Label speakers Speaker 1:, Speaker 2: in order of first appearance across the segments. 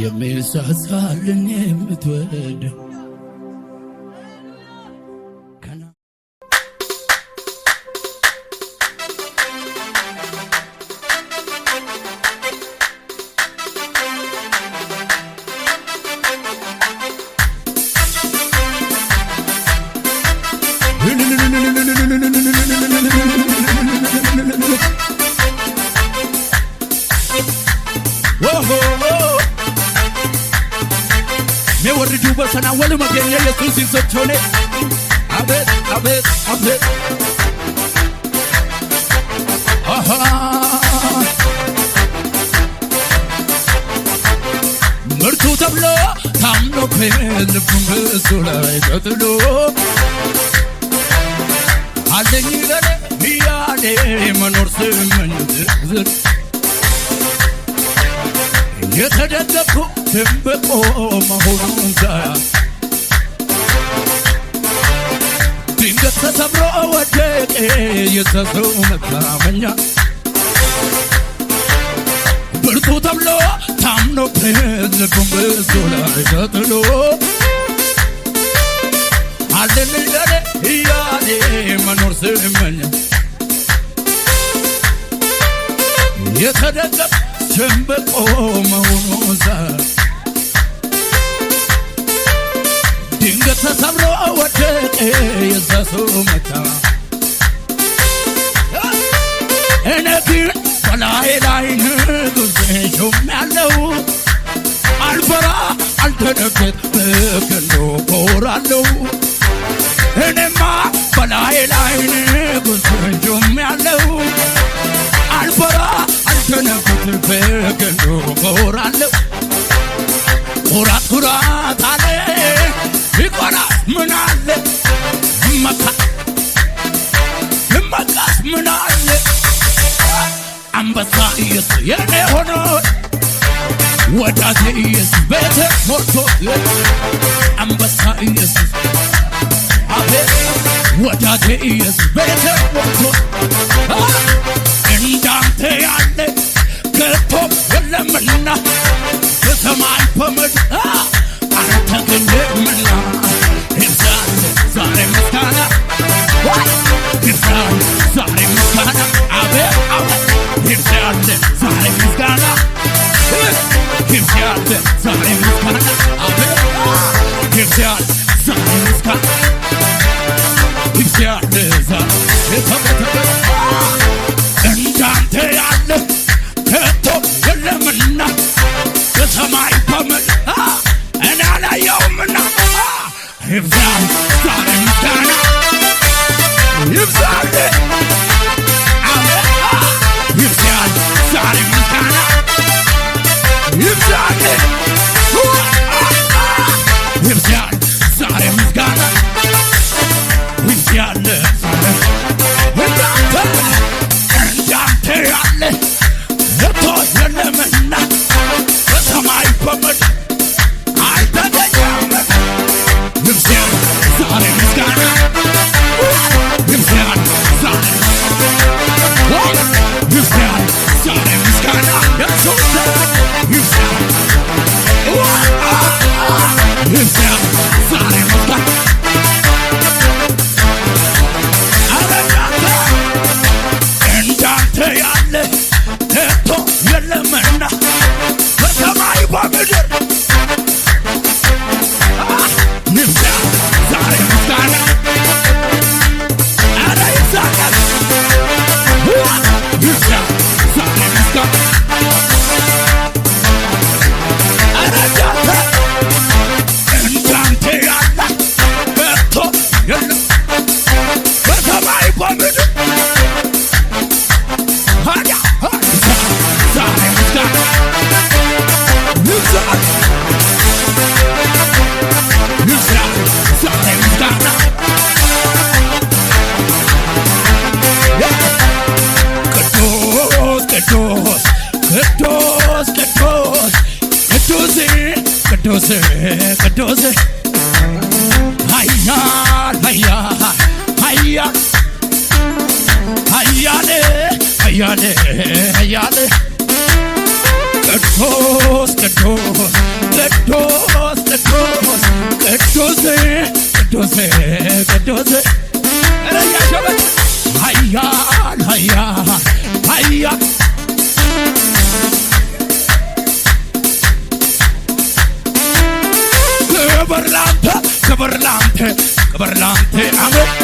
Speaker 1: የሚሳሳልን የምትወድ Whoa! የወርዱ በሰናወል መገኘ የኢየሱስ ይዘት ሆነ። አቤት አቤት አቤት ምርቱ ተብሎ ታምኖብን ልቡን በእሱ ላይ ተጥሎ አለኝ ይበለ ሚያኔ መኖር ስመኝ ዝርዝር የተደነኩትም በቆመ መሆኑን ዛያ ድንገት ተሰብሮ ወደቄ የሰሰው መታመኛ ብርቱ ተብሎ ታምኖበት ልቡን በእሱ ላይ ተጥሎ አለልኝ ለኔ እያለ መኖር ስመኛ የተደገፍ ሸንበቆ መሆዛ ድንገት ተሰብሮ ወደቀ የዛ ሰው መታ እኔ በላይ ላይ ንጉዜ ሾም ያለው አልፈራ አልደነግጥ በክንዶ ኮራለው ገኖ እሆራለሁ ሁራት ሁራት አለ ቢቆራ ምን አለ ልመካ ልመካስ ምን አለ አንበሳ ኢየሱስ የኔ ሆኖ ወዳቴ ኢየሱስ ቤተ ሞልቶ አንበሳ ኢየሱስ አቤት ወዳቴ ኢየሱስ ቤተ ሞልቶ እንዳንተ ያለ ከቶ የለምና የሰማይ በምድር አንተ ግን የምና ዛሬ ምስጋና Exotic, Scott ቅዱስ ኃያል ኃያል ኃያል ኃያል ኃያል ኃያል ቅዱስ ቅዱስ ቅዱስ ቅዱስ ቅዱስ ቅዱስ ቅዱስ ኃያል ኃያል ኃያል ክብር ላንተ፣ ክብር ላንተ፣ ክብር ላንተ አሜን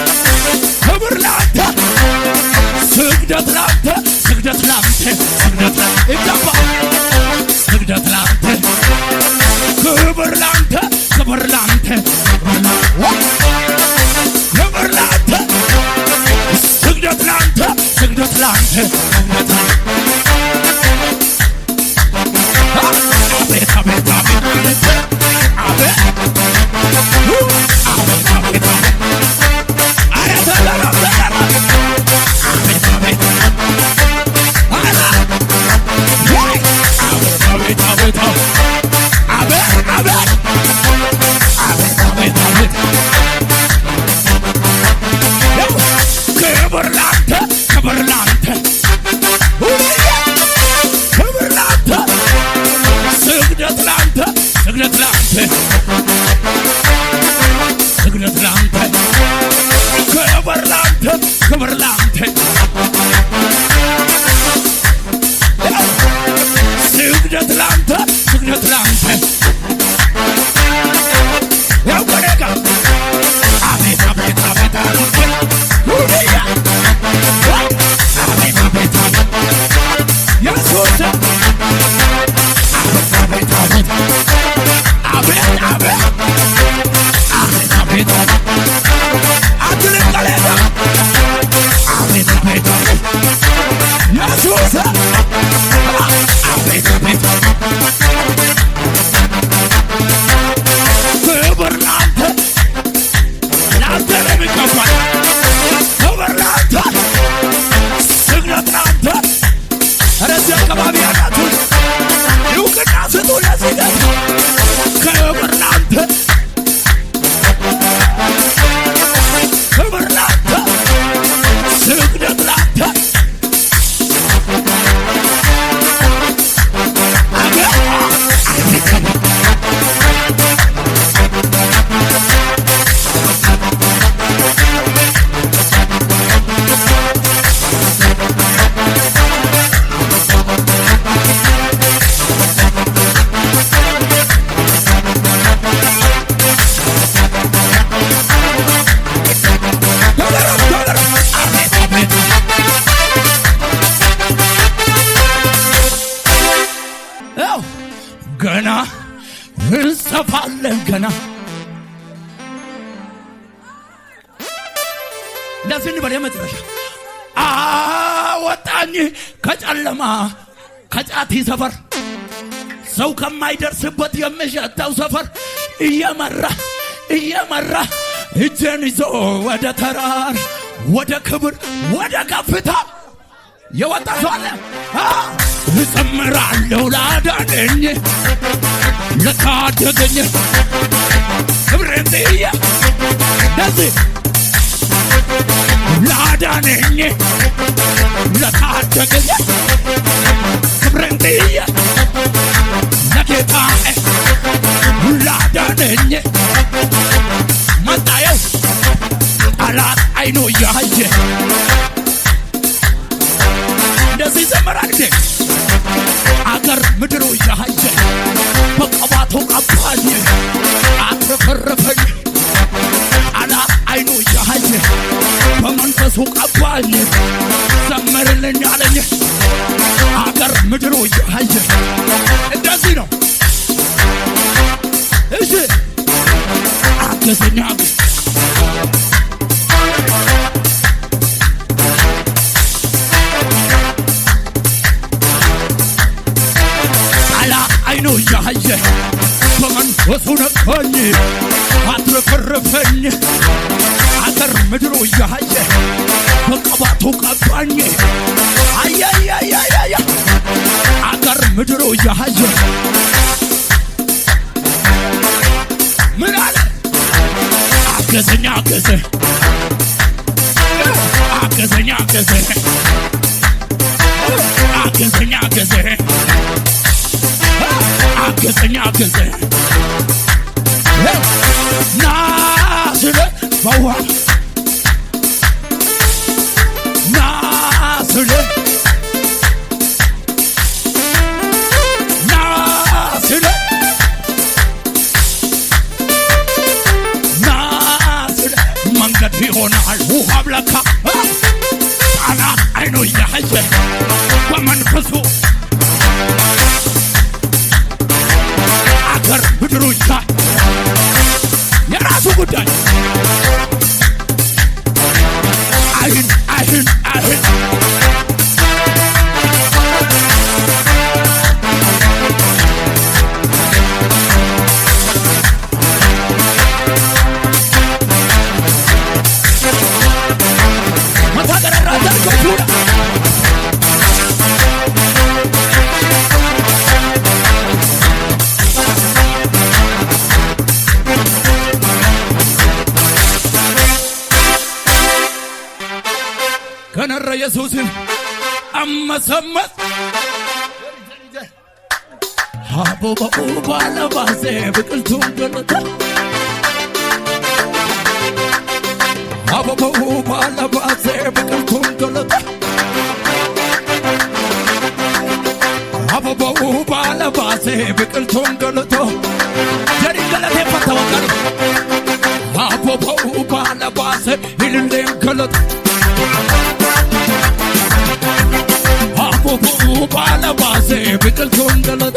Speaker 1: ስግደት ላንተ ስግደት ላንተ አለህ ገና። ለዚህ እንበል የመጨረሻ አወጣኝ ከጨለማ ከጫቲ ሰፈር ሰው ከማይደርስበት የሚሸተው ሰፈር እየመራ እየመራ እጄን ይዞ ወደ ተራር ወደ ክብር ወደ ከፍታ የወጣ ሰው አለ እዘምራለሁ ላዳነኝ ካደገኝ ክብሬንትየ ለዚህ ላዳነኝ ለታደገኝ ክብሬንትየ ለጌታ ላዳነኝ መጣየው ጠላት አይኖ ያየ እንደዚህ ዘመራል አገር ምድሮ ያየ እያየ አተፈረፈኝ አላ አይኑ እያየ በመንፈሱ ቀባኝ ዘመርልኝ አለኝ አገር ምድሩ እያየ እንደዚህ ነው እሺ አገዘኛ እሱ ነካኝ አትረፈረፈኝ አገር ምድሮ እያየ በቀባቱ ቀባኝ አያያያያያ አገር ምድሩ እያየ ምን አለ አገዘኛ አገዘ አገዘኛ አገዘ አገዘኛ አገዘ አግዘኝ አግዘኝ ይሆናል ውሃ ብለካ ጣና አይኖ እያየለ አመሰመስ አበባው ባለባዜ ብቅልቱ ገለተ አበባው ባለባዜ ብቅልቱ ገለተ አበባው ባለባዜ ብቅልቱ ገለቶ ጀሪ ገለቴ ፈተወቀል አበባው ባለባዜ ይልሌም ገለቶ ባለባሴ ብቅልቱን ገለጥ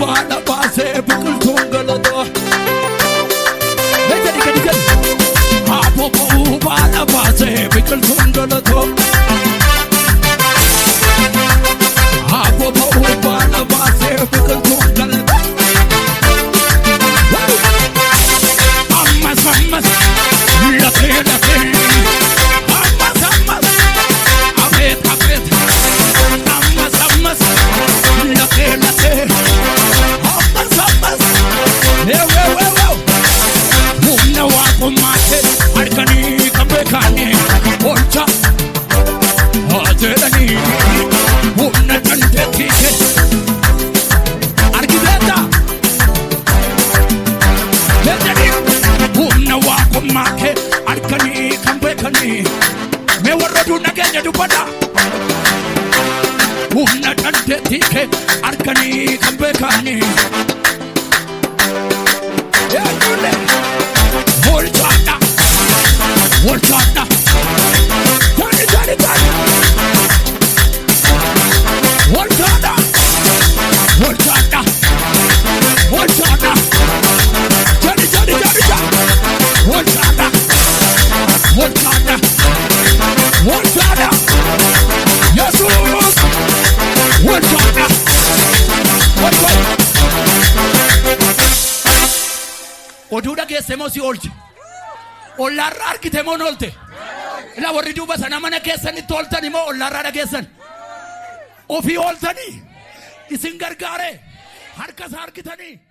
Speaker 1: பாட பாசே புக்குள் தூங்குளதோ நெஞ்சடி கடிகள் ஆத்மபூ பாட பாசே புக்குள் தூங்குளதோ Kenya tuna Kenya tupata Una tante tike arkani kambekani Yeah, you let Voltana Voltana Tani, tani, tani Voltana Voltana Voltana Tani, tani, tani, tani Voltana Voltana moosi oolche. Ollarra argite moo noolte. Ila warri duuba sana mana keessanitti ooltani moo ollarra dhageessan. Ofii ooltanii isin gargaare harkas argitanii.